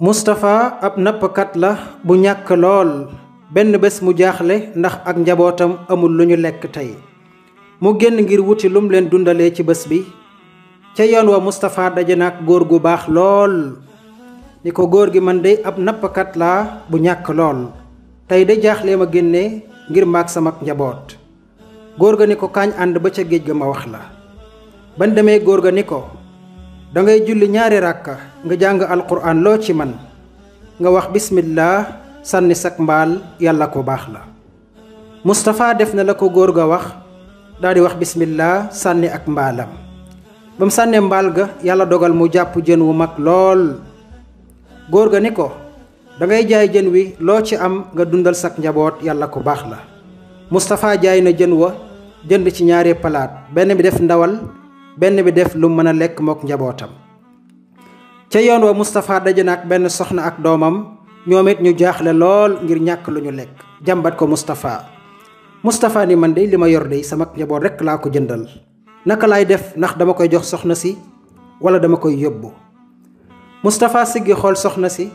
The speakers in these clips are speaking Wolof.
Moustapha ab nappkat la bu ñàkk lool benn bés mu jaaxle ndax ak njabootam amul lu ñu lekk tey mu génn ngir wuti lum leen dundalee ci bés bi ca yoon wa Moustapha daje na ak góor gu baax lool ni ko góor gi man de ab nappkat la bu ñàkk lool tey da jaaxle ma génne ngir maag sama njaboot góor ga ni ko kaañ ànd ba ca géej ga ma wax la ban demee góor ga ni ko da ngay julli ñaari rakka nga jang alquran lo ci man nga wax bismillah sanni sak mbal yalla ko bax la mustafa def na la ko ga wax daal wax bismillah sanni ak mbalam bam sanne mbal ga yalla dogal mu japp jeen wu mak lol gor ga niko da ngay jaay jeen wi lo ci am nga dundal sak njabot yalla ko bax la mustafa jaay na jeen wa jeen ci ñaari benn bi def ndawal benn bi def lu mën a lekk mook njabootam ca yoon wa Moustapha daje na ak benn soxna ak doomam ñoom it ñu jaaxle lool ngir ñàkk lu ñu lekk jàmbat ko Moustapha Moustapha ni man de li ma yor de sama njaboot rekk laa ko jëndal naka lay def ndax dama koy jox soxna si wala dama koy yóbbu Moustapha siggi xool soxna si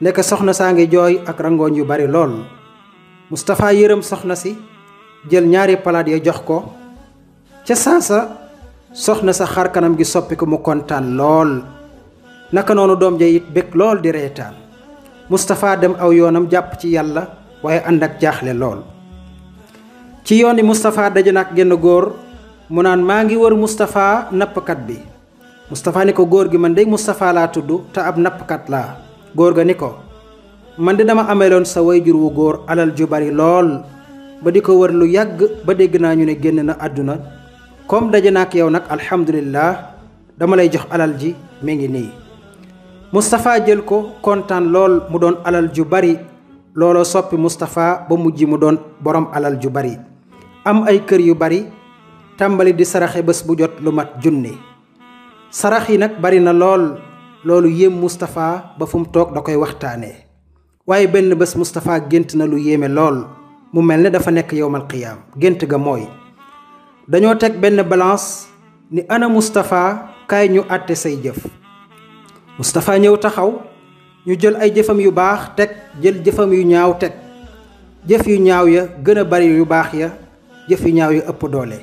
nekk soxna saa ngi jooy ak rangooñ yu bari lool mustafaa yërëm soxna si jël ñaari palaat ya jox ko ca saasa soxna sa xar kanam gi soppi ko mu kontaan lool naka noonu doom ja it bég lool di reetaan Moustapha dem aw yoonam jàpp ci yàlla waaye ànd ak jaaxle lool ci yoon yi Moustapha daje na ak genn góor mu naan maa ngi wër Moustapha nappkat bi Moustapha ni ko góor gi man de Moustapha laa tudd te ab nappkat laa góor ga ni ko man de dama ameeloon sa way jur wu góor alal ju bari lool ba di ko wër lu yàgg ba dégg naa ñu ne génn na àdduna comme dajé nak yow nak alhamdulillah dama lay jox alal ji mi ngi ni mustafa jël ko lol mu don alal ju bari lolo soppi mustafa ba mujji mu don borom alal ju bari am ay kër yu bari tambali di saraxé bés bu jot lu mat jouné sarax yi bari na lol lolou yem mustafa ba fum tok toog da koy waxtaanee waaye benn bés na lu yéeme lol mu dafa nek yowmal qiyam ga moy dañoo teg benn balance ni ana Moustapha kaay ñu àtte say jëf mustafaa ñëw taxaw ñu jël ay jëfam yu baax teg jël jëfam yu ñaaw teg jëf yu ñaaw ya gën a bari yu baax ya jëf yu ñaaw ya ëpp doole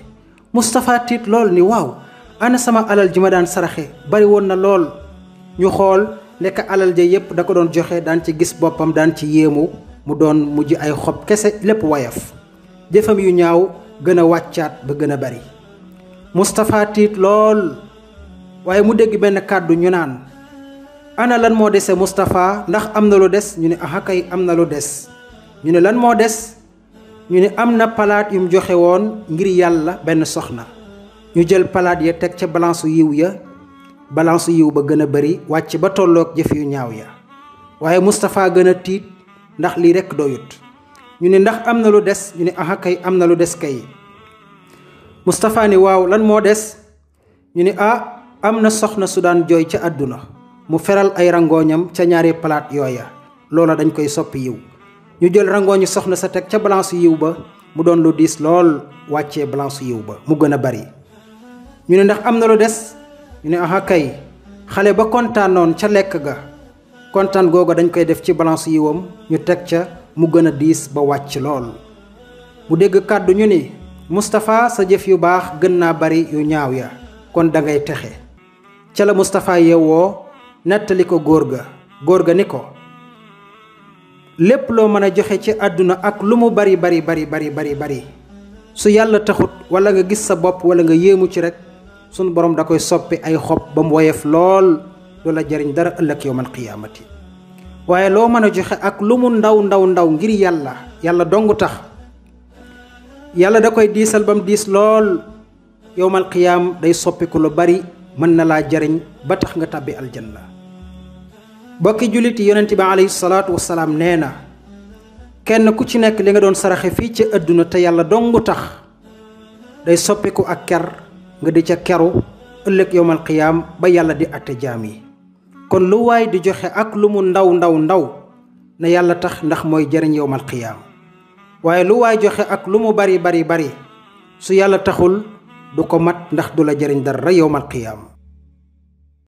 Moustapha tiit lool ni waaw ana sama alal ji ma daan saraxe bari woon na lool ñu xool nekk alal ja yépp da ko doon joxe daan ci gis boppam daan ci yéemu mu doon mujj ay xob kese lépp woyaf jëfam yu ñaaw gën wàccaat ba gën a bari Moustapha tiit lool waaye mu dégg benn kàddu ñu naan ana lan moo dese Moustapha ndax am na lu des ñu ne aha kay am na lu des ñu ne lan moo des ñu ne am na palaat yu mu joxe woon ngir yàlla benn soxna ñu jël palaat ya teg ca balansu yiw ya balansu yiw ba gën a bari wàcc ba tolloog jëf yu ñaaw ya waaye Moustapha gën tiit ndax lii rekk doyut ñu ne ndax am na lu des ñu ne aha kay am na lu des kay mustafa ni waaw lan moo des ñu ne ah am na soxna sudan joy jooy ca àdduna mu feral ay rangooñam ca ñaari palaat yooya loola dañ koy soppi yiw ñu jël rangooñu soxna sa teg ca balance yiw ba mu doon lu diis lool wàccee balance yiw ba mu gën bari ñu ne ndax am na lu des ñu ne aha kay xale ba kontaanoon ca lekk ga kontaan googa dañ koy def ci balance yiwam ñu teg ca mu gën a diis ba wàcc lool mu dégg kàddu ñu ni Moustapha sa jëf yu baax gën naa bari yu ñaaw ya kon dangay texe ca la Moustapha yeewoo nettali ko góor ga góor ga ni ko lépp loo mën a joxe ci àdduna ak lu mu bari bari bari bari bari su yàlla taxut wala nga gis sa bopp wala nga yéemu ci rek sunu borom da koy soppi ay xob ba mu woyof lool loola jariñ dara ëllëg yowmal qiyaamati waye lo meuna joxe ak lu mu ndaw ndaw ndaw ngir yalla yalla dongu tax yalla da koy disal bam dis lol yowmal qiyam day ko lu bari man na la jariñ ba tax nga tàbbi aljanna bokki jullit yonnati ba alayhi salatu wassalam neena kenn ku ci nek li nga don saraxe fi ci aduna te yalla dongu tax day ko ak ker nga di ca keru ëllëg yowmal qiyam ba yalla di atte jami kon lu waay di joxe ak lu mu ndaw ndaw ndaw na yàlla tax ndax mooy jëriñ yowmal qiyaama waaye lu waay joxe ak lu mu bari bari bari su yàlla taxul du ko mat ndax du la jëriñ dara yowmal qiyaama